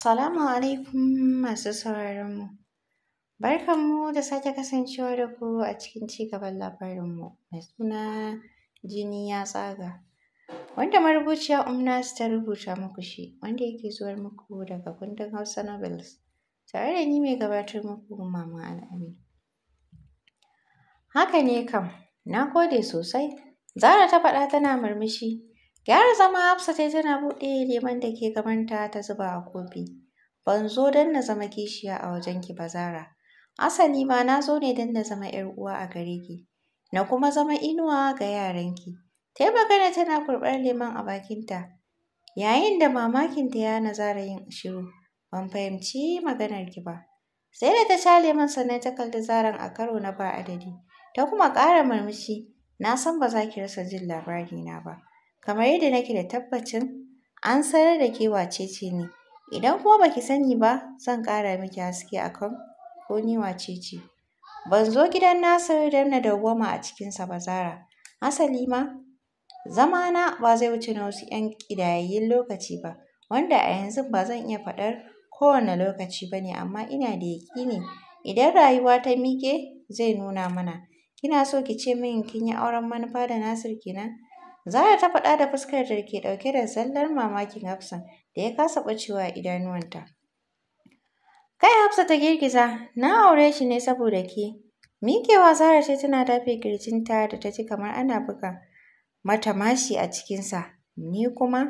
Salamu alaikum masu sauraronmu. Barkanmu da sake kasancewa da ku a cikin cigaban labarinmu mai suna jini ya tsaga. Wanda marubuciya Umnas ta rubuta muku shi, wanda yake zuwar muku daga kundin Hausa Novels, tare da ni mai gabatar muku Mama Al'amin. Haka ne kam, na kode sosai. Zara ta faɗa tana murmushi, Gyara zama Hafsa ta tana buɗe lemon da ke gabanta ta zuba a kofi. Ban zo don na zama kishiya a wajenki ba Zara. Asali ma na zo ne don na zama 'yar uwa a gare ki. Na kuma zama inuwa ga yaranki. Ta yi magana tana kurɓar lemon a bakinta. Yayin da mamakinta ya nazara yin shiru. Ban fahimci maganar ki ba. Sai da ta sha lemon sannan ta kalli Zaran a karo na ba adadi. Ta kuma ƙara murmushi. Na san ba za ki rasa jin labarina ba. kamar yadda nake da tabbacin an sanar da ke wace ce ne Idan kuma baki sani ba zan ƙara miki haske a kan ko ni wace ce. Ban zo gidan Nasiru don na dawwama a cikinsa ba Zara. Asali ma zamana ba zai wuce na wasu 'yan ƙidayayyun lokaci ba wanda a yanzu ba zan iya faɗar kowane lokaci ba ne amma ina da yaƙini idan rayuwa ta miƙe zai nuna mana. Kina so ki ce min kin yi auren manufa da Nasir kenan? Zara ta faɗa da fuskar da ke ɗauke da zallar mamakin Hafsan da ya kasa ɓacewa a idanuwanta. Kai Hafsa ta girgiza, na aure shi ne saboda ke. Miƙewa Zara ce tana dafe ƙirjinta da ta ci kamar ana buga matamashi mashi a cikinsa. Ni kuma?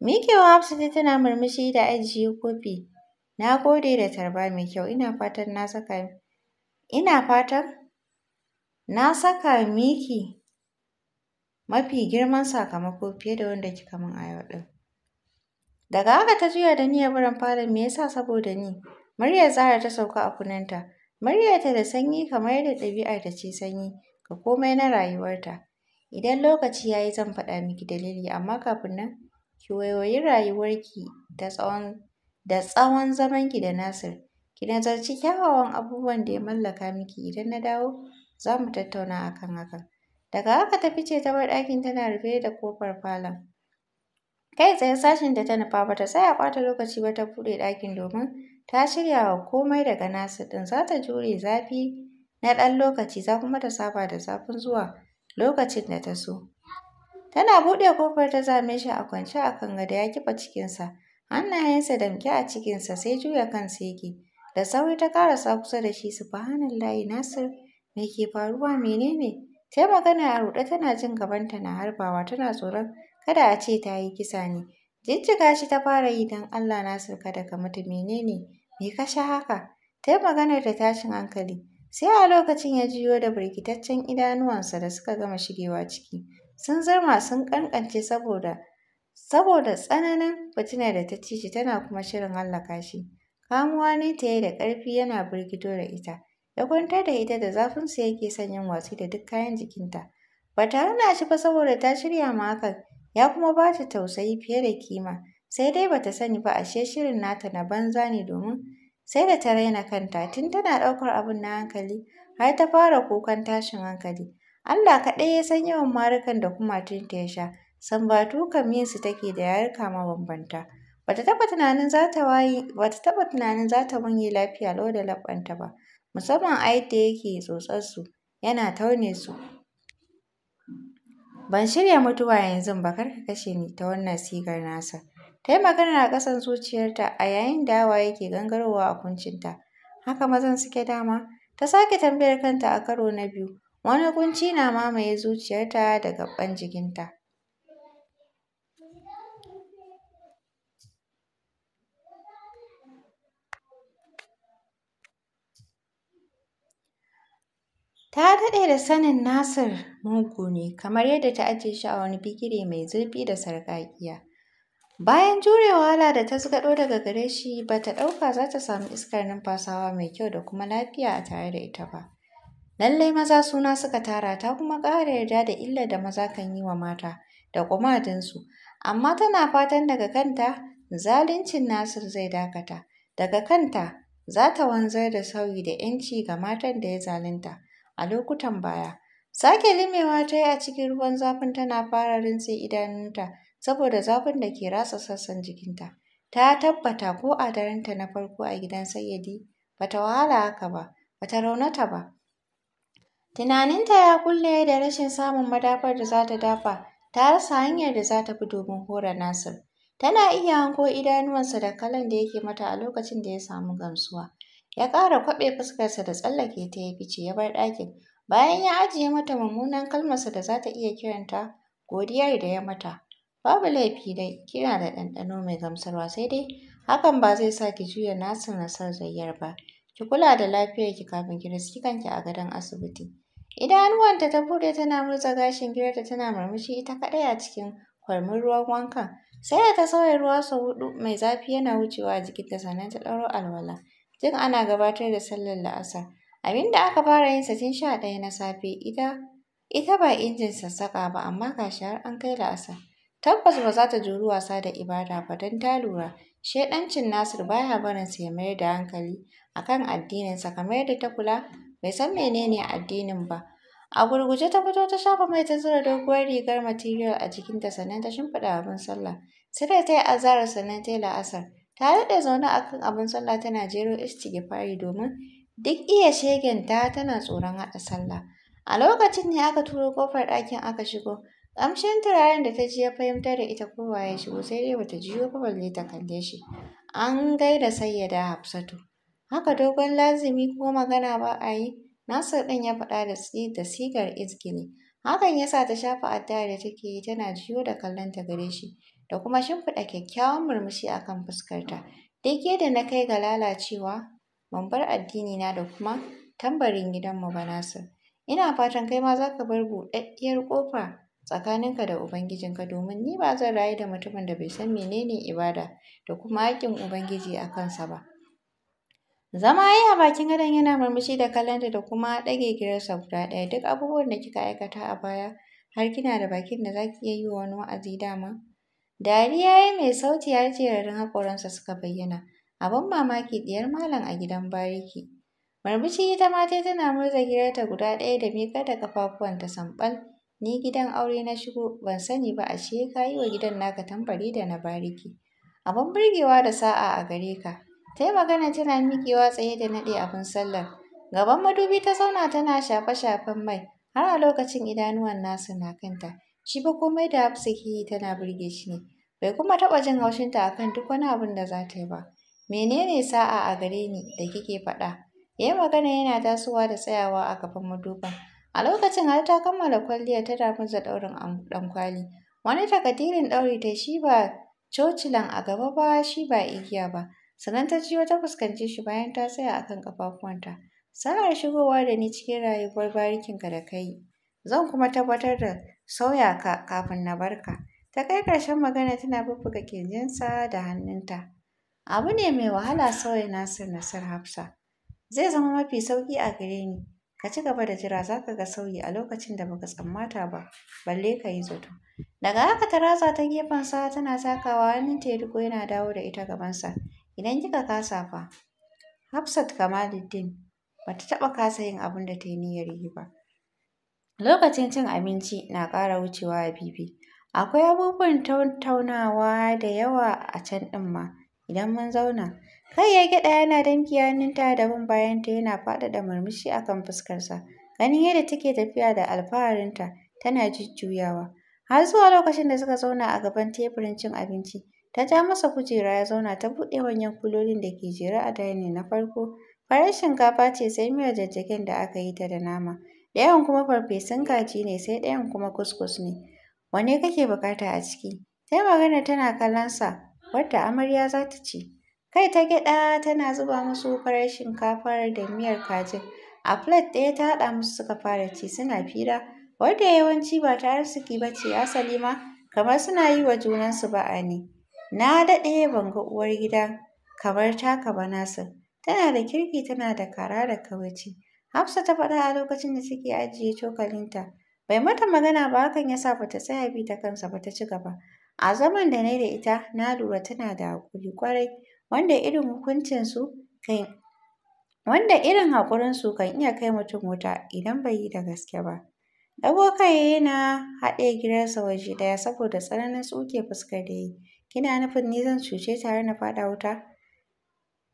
Miƙewa Hafsa ce tana murmushi da ajiye kofi. Na gode da tarba mai kyau, ina fatan na saka ina fatan na saka miki mafi girman sakamako fiye da wanda kika min a yau ɗin. Daga haka ta juya da niyyar barin falon me yasa saboda ni. Muryar Zara ta sauka a kunanta. Muryarta da sanyi kamar yadda ɗabi'arta ce sanyi ga komai na rayuwarta. Idan lokaci ya yi zan faɗa miki dalili amma kafin nan ki wayoyi rayuwarki da tsawon da tsawon zamanki da Nasir. Ki nazarci kyawawan abubuwan da ya mallaka miki idan na dawo za mu tattauna akan hakan. Daga haka ta fice ta bar ɗakin tana rufe da kofar falon. Kai tsaye sashin da ta nufa ba ta tsaya ɓata lokaci ba ta buɗe ɗakin domin ta shirya wa komai daga nasu ɗin za ta jure zafi na ɗan lokaci za kuma ta saba da zafin zuwa lokacin da ta so. Tana buɗe kofar ta same shi a kwance a kan gada ya kifa cikinsa, hannayensa da damƙe a cikinsa sai juya kan saki, Da sauri ta ƙarasa kusa da shi subhanallahi Nasir me ke faruwa menene? kai magana a ruɗe tana jin gabanta na harbawa tana tsoron kada a ce ta yi kisa ne. Jijjiga shi ta fara yi don Allah na sirka daga mata, menene me ka sha haka? Ta yi maganar da tashin hankali. Sai a lokacin ya jiyo da birkitaccen idanuwansa da suka gama shigewa ciki. Sun zama sun kankance saboda saboda tsananin fitinar da ta ci shi tana kuma shirin hallaka shi. Kamuwa ne ta yi da ƙarfi yana birgito da ita. ya kwantar da ita da zafin su yake son yin watsi da duk kayan jikinta. Ba ta hana shi ba saboda ta shirya ma hakan, ya kuma ba ta tausayi fiye da kima, sai dai ba ta sani ba ashe shirin nata na banza ne domin sai da ta raina kanta tun tana ɗaukar abin na hankali har ta fara kukan tashin hankali. Allah kaɗai ya san yawan marukan da ta ya sha, sambatu kam yinsu take da yarika mabambanta. Bata taba tunanin za ta waye, tunanin za ta wanye lafiya lau da labbanta ba. musamman a yadda yake tsotsar su yana taune su. Ban shirya mutuwa yanzu ba kar ka kashe ni ta wannan sigar nasa. Ta yi magana a kasan zuciyarta a yayin da hawa yake gangarowa a kuncinta. Haka mazan suke dama? Ta sake tambayar kanta a karo na biyu. Wani kunci na mamaye zuciyarta da gaban jikinta. Ta daɗe da sanin Nasir mugu ne kamar yadda ta ajiye shi a wani bigire mai zurfi da sarƙaƙiya. Bayan jure wahala da ta zgaɗo daga gare shi ba ta ɗauka za ta samu iskar numfasawa mai kyau da kuma lafiya a tare da ita ba. Lallai maza suna suka tara ta kuma ƙara yarda da illar da maza kan yi wa mata da kumadinsu, amma tana fatan daga kanta zaluncin Nasir zai dakata, daga kanta za ta wanzar da sauyi da ‘yanci ga matan da ya zalunta. a lokutan baya. Sake limewa ta yi a cikin ruwan zafin tana fara rintse idanunta saboda zafin da ke rasa sassan jikinta. Ta tabbata ko a darenta na farko a gidan Sayyadi ba ta wahala haka ba, ba ta raunata ba. Tunaninta ya kulle da rashin samun madafar da za ta dafa, ta rasa hanyar da za ta bi domin hora Nasir. Tana iya hanko idanuwansa da kalan da yake mata a lokacin da ya samu gamsuwa. Ya ƙara kwaɓe fuskarsa da tsallake ta ya fice ya bar ɗakin. Bayan ya ajiye mata mummunan kalmarsa da za ta iya kiranta godiyar da ya mata. Babu laifi dai, kina da ɗanɗano mai gamsarwa sai dai hakan ba zai sa ki juya nasu nasar zayyar ba. Ki kula da lafiyarki kafin ki riski kanki a gadon asibiti. Idanuwanta ta buɗe tana murza gashin girarta tana murmushi ita kaɗai a cikin kwarmin ruwan wankan. Sai da ta sauya ruwa sau hudu mai zafi yana wucewa a jikinta sannan ta ɗauro alwala. Duk ana gabatar da sallar la'asar. Abin da aka fara yin tun sha ɗaya na safe ita ita ba injin sassaƙa ba amma ga shi har an kai la'asar. Tabbas ba za ta juri wasa da ibada ba don ta lura shaidancin Nasir baya barinsa ya mayar da hankali a kan addininsa kamar yadda ta kula bai san menene addinin ba. A gurguje ta fito ta shafa mai ta zura doguwar rigar material a jikinta sannan ta shimfiɗa abin sallah. Sai ta yi azara sannan ta yi la'asar. Ta daɗe zaune a kan abin sallah tana jero istighfari domin duk iya ta tana tsoron haɗa sallah. A lokacin ne aka turo kofar ɗakin aka shigo. Ƙamshin turaren da ta ji ya fahimtar da ita kowa ya shigo sai dai bata jiyo ba balle ta kalle shi. An gaida sayyada Hafsatu. Haka dogon lazimi ko magana ba a yi. Nasir ɗin ya faɗa da da sigar izgili. Hakan ya sa ta shafa addu'a da take yi tana jiyo da kallon ta gare shi. da kuma shimfiɗa kyakkyawan murmushi a kan fuskarta. Daidai da na kai ga lalacewa mambar addini na da kuma tambarin gidanmu ba Nasir. Ina fatan kai ma za ka bar buɗaɗɗiyar ƙofa tsakaninka da Ubangijinka domin ni ba zan rayu da mutumin da bai san menene ibada da kuma haƙƙin Ubangiji a kansa ba. Zama ya a bakin gadon yana murmushi da kallonta da kuma ɗage girarsa guda ɗaya duk abubuwan da kika aikata a baya har kina da bakin da za ki iya yi wa wani wa'azi dama. Dariya ya mai sauti har jerarin haƙoransa suka bayyana. Abin mamaki ɗiyar malam a gidan bariki. Marbici ita ma tai tana murza girarta guda ɗaya da miƙar da ƙafafuwanta sanɓal Ni gidan aure na shigo, ban sani ba ashe ka yi wa gidan naka tambari da na bariki. Abin burgewa da sa'a a gare ka. Ta yi magana tana miƙewa tsaye da naɗe abin sallar. Gaban madubi ta zauna tana shafe-shafen mai, har a lokacin idanuwan nasu na kanta. shi ba komai da Hafsa ke yi tana birge shi ne bai kuma taɓa jin haushinta a kan duk wani abin da za ta yi ba menene sa'a a gare ni da kike faɗa yayi magana yana tasowa da tsayawa a gaban madubin a lokacin har ta kammala kwalliyar ta za ɗaurin ɗankwali wani takadirin ɗauri ta shi ba cocilan a gaba ba shi ba igiya ba sannan ta jiyo ta fuskanci shi bayan ta tsaya a akan ƙafafuwanta sanar shigowa da ni cikin rayuwar barikinka da kai. zan kuma tabbatar da sauya ka kafin na barka. Ta kai ƙarshen magana tana bubbuga kirjinsa da hannunta. Abu ne mai wahala sauya Nasir Nasir Hafsa. Zai zama mafi sauƙi a gare ni. Ka ci gaba da jira za ka ga sauyi a lokacin da baka tsammata ba, balle ka yi zato. Daga haka ta ratsa ta gefensa tana sakawa hannunta ya riko yana dawo da ita gabansa. Idan kika kasa fa, Hafsat Kamaluddin ba ta taɓa kasa yin abin da ta yi niyyar yi ba. Lokacin cin abinci na ƙara wucewa a bibi. Akwai abubuwan tattaunawa da yawa a can ɗin ma idan mun zauna. Kai ya gyaɗa yana damƙe hannunta da bin bayanta yana faɗaɗa murmushi a kan fuskarsa. Ganin yadda take tafiya da alfaharinta tana jujjuyawa. Har zuwa lokacin da suka zauna a gaban teburin cin abinci, ta ja masa kujera ya zauna ta buɗe manyan kulolin da ke jere a dining na farko. Farar shinkafa ce sai miyar jajjagen da aka yi ta da nama. Ɗayan kuma farfesun kaji ne sai ɗayan kuma kuskus ne. wane kake bukata a ciki? Ta magana tana kallon sa, wadda amarya za ta ci. Kai ta gyaɗa tana zuba musu farar shinkafar da miyar kajin. A flat ɗaya ta haɗa musu suka fara ci suna fira wadda yawanci ba ta arziki ba ce asali ma kamar suna yi wa junansu ba'a ne. Na daɗe ban ga uwar gida kamar taka ba Nasir. Tana da kirki tana da kara da kawaici. Hafsa ta faɗa a lokacin da suke ajiye cokalinta. Bai mata magana ba hakan ya sa bata tsaya bi ta kansa ba ta ci gaba. A zaman da na da ita na lura tana da haƙuri ƙwarai wanda irin su kan wanda irin su kan iya kai mutum wuta idan bai yi da gaske ba. Ɗago kai na haɗe gidansa waje ɗaya saboda tsananin tsuke fuskar da yi. Kina nufin ni zan cuce tare na faɗa wuta?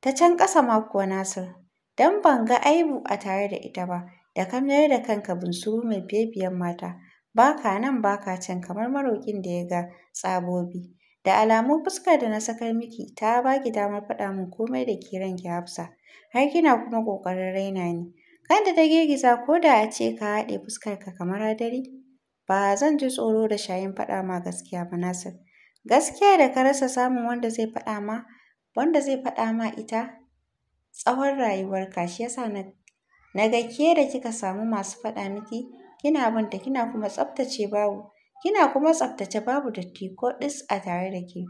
Ta can ƙasa ma kuwa Nasir. don ban ga aibu a tare da ita ba, da ka mayar da kanka bunsuru mai fefiyan mata, ba ka nan ba ka can kamar maroƙin da ya ga tsabobi. Da alamu fuskar da na sakar miki ta ba ki damar faɗa min komai da ke ranki Hafsa, har kina kuma ƙoƙarin raina ni. Kanta ta girgiza ko da a ce ka haɗe fuskarka kamar hadari. Ba zan ji tsoro da shayin faɗa ma gaskiya ba Nasir. Gaskiya da ka rasa samun wanda zai faɗa ma, wanda zai faɗa ma ita tsawon rayuwarka shi yasa na na ga ke da kika samu masu faɗa miki kina binta kina kuma tsaftace babu kina kuma tsaftace babu datti ko ɗis a tare da ke.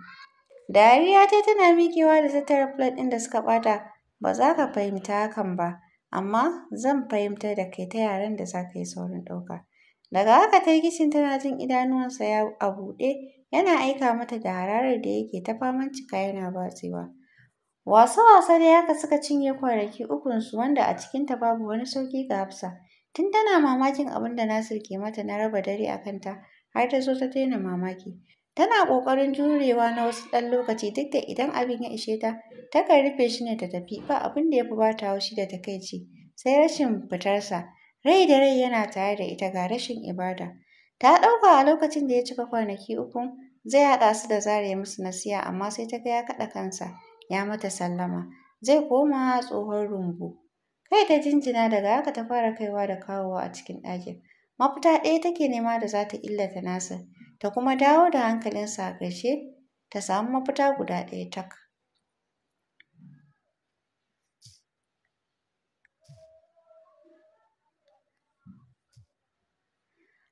Dariya ta tana miƙewa da tattara plate ɗin da suka ɓata ba za ka fahimta hakan ba amma zan fahimtar da kai ta yaren da za ka yi saurin ɗauka. Daga haka ta yi kishin tana jin idanuwansa ya a buɗe yana aika mata da hararar da yake ta faman cika yana batsewa. Wasa-wasa dai haka suka cinye kwanaki ukunsu wanda a cikinta babu wani sauƙi ga Hafsa. Tun tana mamakin abin da Nasir ke mata na raba dare a kanta har ta zo ta daina mamaki. Tana ƙoƙarin jurewa na wasu ɗan lokaci duk da idan abin ya ishe ta takan rufe shi ne ta tafi ba abin da ya fi ba ta haushi da takaici sai rashin fitarsa. Rai da rai yana tare da ita ga rashin ibada. Ta ɗauka a lokacin da ya cika kwanaki uku zai haɗa su da zare musu nasiha amma sai ta ga ya kaɗa kansa. ya mata sallama zai koma tsohon rumbu kai ta jinjina daga haka ta fara kaiwa da kawowa a cikin ɗakin mafita ɗaya take nema da za ta illata nasa, ta kuma dawo da hankalinsa a ƙarshe ta samu mafita guda ɗaya tak.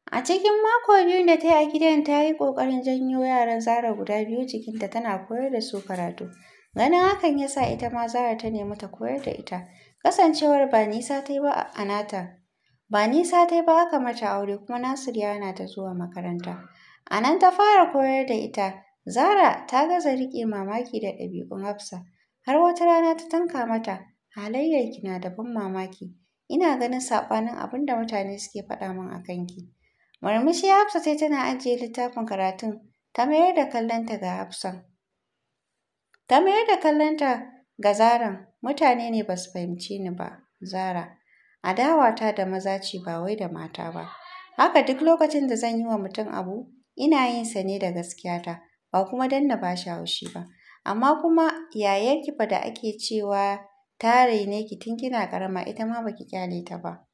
A cikin mako biyun da ta yi a gidan ta yi ƙoƙarin janyo yaran Zara guda biyu jikinta tana koyar da su karatu. Ganin hakan ya sa ita ma Zara ta nemi ta koyar da ita. Kasancewar ba nisa ta yi ba a nata. Ba nisa ta yi ba aka mata aure kuma Nasir yana ta zuwa makaranta. A nan ta fara koyar da ita. Zara ta gaza riƙe mamaki da ɗabi'un Hafsa. Har wata rana ta tanka mata, halayyar ki na da ban mamaki. Ina ganin saɓanin abin da mutane suke faɗa min a kanki. Murmushi Hafsa sai tana ajiye littafin karatun, ta mayar da kallonta ga Hafsan. Ta mayar da kallonta ga Zaran. Mutane ne ba su fahimci ni ba, Zara. Adawata da maza ce ba wai da mata ba. Haka duk lokacin da zan yi wa mutum abu, ina yin sa ne da gaskiyata, ba kuma don na bashi haushi ba. Amma kuma yayarki fa da ake cewa tare ne ki tun kina karama ita ma baki kyale ta ba.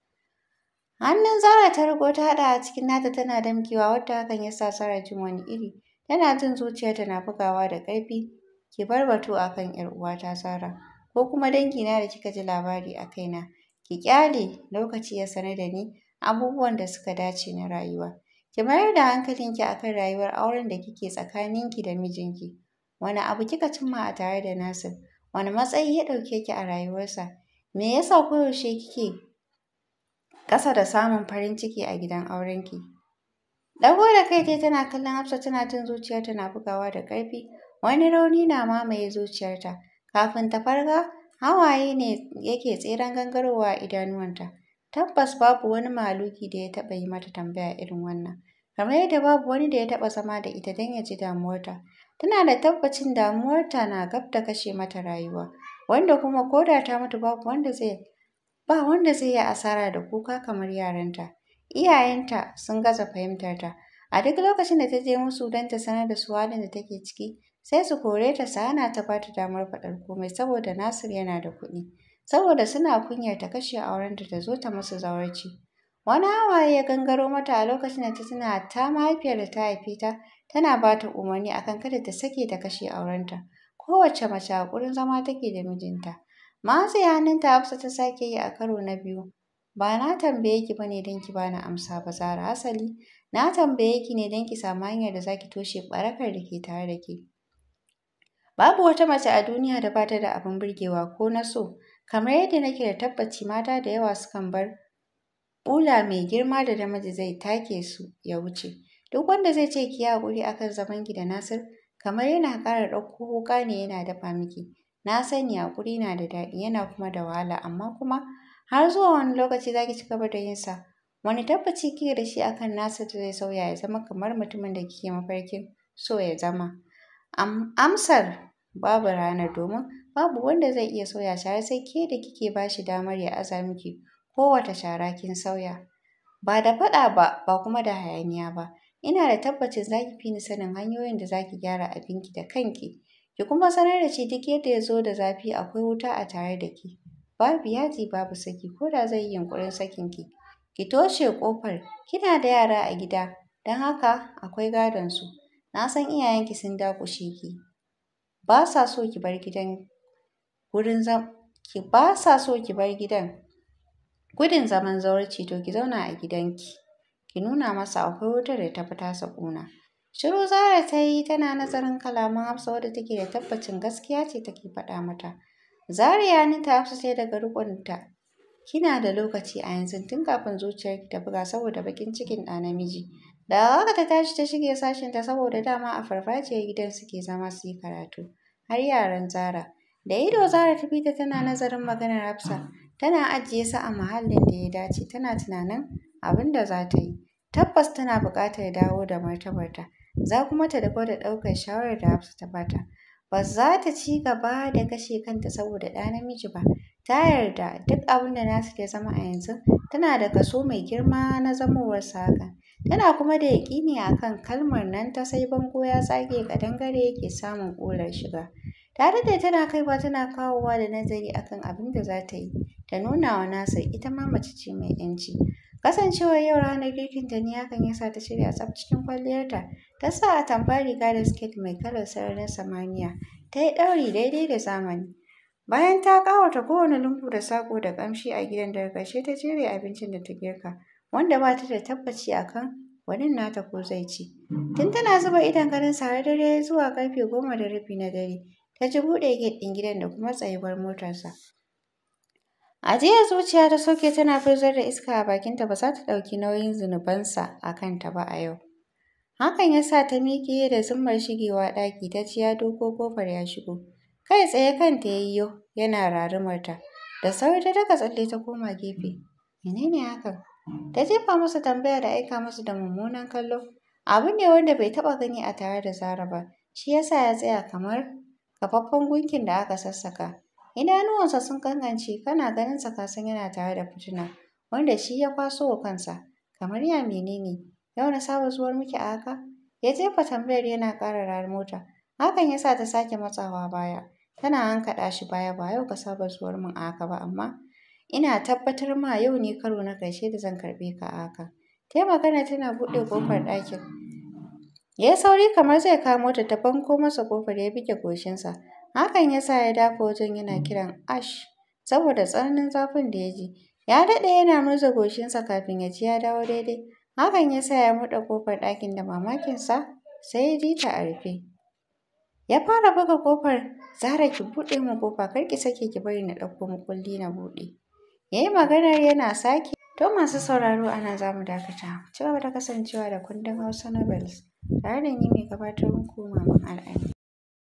Hannun Zara ta rigo ta haɗa a cikin nata tana damkewa wadda hakan ya sa Zara jin wani iri. Tana jin zuciyarta na bugawa da ƙarfi Ki bar batu a kan 'yar uwata Sara, ko kuma dangina da kika ji labari a kaina. Ki kyale lokaci ya sanar da ni abubuwan da suka dace na rayuwa. Ki mayar da hankalinki a kan rayuwar auren da kike tsakaninki da mijinki. Wani abu kika cimma a tare da Nasir? Wani matsayi ya ɗauke ki a rayuwarsa? Me yasa sa koyaushe kike ƙasa da samun farin ciki a gidan aurenki? Ɗago da kai dai tana kallon Hafsa tana jin zuciyarta na bugawa da ƙarfi. Wani rauni na mamaye zuciyarta. Kafin ta farga, hawaye ne yake tseren gangarowa idanuwanta. Tabbas babu wani maluki da ya taɓa yi mata tambaya irin wannan. Kamar yadda babu wani da ya taɓa zama da ita don ya ji damuwarta. Tana da tabbacin damuwarta na gab da kashe mata rayuwa. Wanda kuma ko da ta mutu babu wanda zai ba wanda zai yi asara da kuka kamar yaranta. Iyayenta sun gaza fahimtarta. A duk lokacin da ta je musu don ta sanar da su halin da take ciki, sai su kore ta su ta ba ta damar faɗar komai saboda Nasir yana da kuɗi. Saboda suna kunyar ta kashe aurenta ta zo ta musu zawarci. Wani hawaye ya gangaro mata a lokacin da ta tuna ta mahaifiyar da ta haife ta tana ba ta umarni akan kada ta sake ta kashe aurenta. Kowace mace a gurin zama take da mijinta. hannun ta Hafsa ta sake yi a karo na biyu. Ba na tambaye ki bane don ki bani amsa ba Zara asali. Na tambaye ki ne don ki samu hanyar da za ki toshe barakar da ke tare da ke. Babu wata mace a duniya da ba ta da abin burgewa ko na so, kamar yadda nake da tabbaci mata da yawa sukan bar bula mai girma da namiji zai take su ya wuce. Duk wanda zai ce ki hakuri akan zaman ki da Nasir, kamar yana ƙara ɗauko wuƙa ne yana dafa miki. Na sani haƙuri na da daɗi yana kuma da wahala amma kuma har zuwa wani lokaci za ki ci gaba da yin sa. Wani tabbaci kike da shi akan Nasir da zai sauya ya zama kamar mutumin da kike mafarkin so ya zama? Amsar babu ranar domin babu wanda zai iya sauya shara sai ke da kike bashi damar ya aza miki wata shara kin sauya. Ba da faɗa ba, ba kuma da hayaniya ba. Ina da tabbacin za ki fi ni sanin hanyoyin da za ki gyara abinki da kanki. Ki kuma sanar da shi duk yadda ya zo da zafi akwai wuta a tare da ki. Babu yaji babu saki ko da zai yi yunƙurin sakin ki. Ki toshe kofar. kina da yara a gida, don haka akwai gadon su. Na san iyayenki sun dakushe ki. ba sa so ki bar gidan wurin zam ki ba sa so ki bar gidan gudun zaman zawarci to ki zauna a gidanki ki nuna masa akwai wutar da ta fita tasa ƙuna shiru zara ta yi tana nazarin kalaman hafsa wadda take da tabbacin gaskiya ce take faɗa mata zariya ni ta hafsa sai daga rukunta kina da lokaci a yanzu tun kafin zuciyarki ta buga saboda bakin cikin ɗa namiji da haka ta tashi ta shige sashinta saboda dama a farfajiyar gidan suke zama su yi karatu. Har yaran Zara. Da ido Zara ta fita tana nazarin maganar Hafsa. Tana ajiye su a muhallin da ya dace. Tana tunanin abin da za ta yi. Tabbas tana buƙatar dawo da martabarta. Za kuma ta dako da ɗaukar shawarar da Hafsa ta bata. Ba za ta ci gaba da kashe kanta saboda ɗa namiji ba. Ta yarda duk abin da nasu ke zama a yanzu tana da kaso mai girma na zamowar haka. Tana kuma da yaƙini a kan kalmar nan ta sai bango ya tsage dangare yake samun ƙular shiga. Ta daɗe tana kaiwa tana kawowa da nazari akan abin da za ta yi, da nuna wa Nasir ita ma mace ce mai ƴanci. Kasancewar yau ranar girkinta ne hakan ya sa ta shirya tsaf cikin kwalliyarta, ta sa atamfa riga da siket mai kalar sararin samaniya, ta yi ɗauri daidai da zamani. Bayan ta ƙawata kowane lungu da saƙo da ƙamshi a gidan daga ƙarshe ta jere abincin da ta girka. wanda ba ta da tabbaci a kan wanin nata ko zai ci. Tun tana zuba idon ganin sare dare zuwa karfe goma da rabi na dare, ta ji buɗe gidan gidan da kuma tsayuwar motarsa. ajiya zuciya ta soke tana firzar da iska a bakinta ba za ta ɗauki nauyin zunubansa a kanta ba a yau. Hakan ya sa ta miƙe da zummar shigewa ɗaki ta ji ya doko ƙofar ya shigo. Kai tsaye kanta ya yi yau, yana rarumarta. Da sauri ta daga tsalle ta koma gefe. menene hakan ta jefa masa tambaya da aika masa da mummunan kallo abu ne wanda bai taba gani a tare da zara ba shi yasa ya tsaya kamar kafaffen gunkin da aka sassaka idanuwansa sun kankance kana ganin sa kasan yana tare da fitina wanda shi ya kwaso wa kansa kamar ya menene yau na saba zuwar miki a haka ya jefa tambayar yana ƙara rar mota hakan yasa ta sake matsawa baya tana hankaɗa shi baya ba yau ka saba zuwar min a haka ba amma Ina tabbatar ma yau ne karo na ƙarshe da zan karɓe ka a haka. Ta magana tana buɗe kofar ɗakin. Ya sauri kamar zai kamo ta ta banko masa kofar ya buge goshinsa. Hakan ya sa ya dafa wajen yana kiran Ash saboda tsananin zafin da ya ji. Ya daɗe yana murza goshinsa kafin ya ji ya dawo daidai. Hakan ya sa ya buɗe kofar ɗakin da mamakinsa sai ya ji ta a rufe. Ya fara buga kofar Zara ki buɗe mu ƙofa kar ki sake ki bari na ɗauko mukulli na buɗe. ya yi maganar yana sake to masu sauraro ana zamu dakata ci gaba da kasancewa da kundin hausa novels tare da mai gabatar muku maman al'adu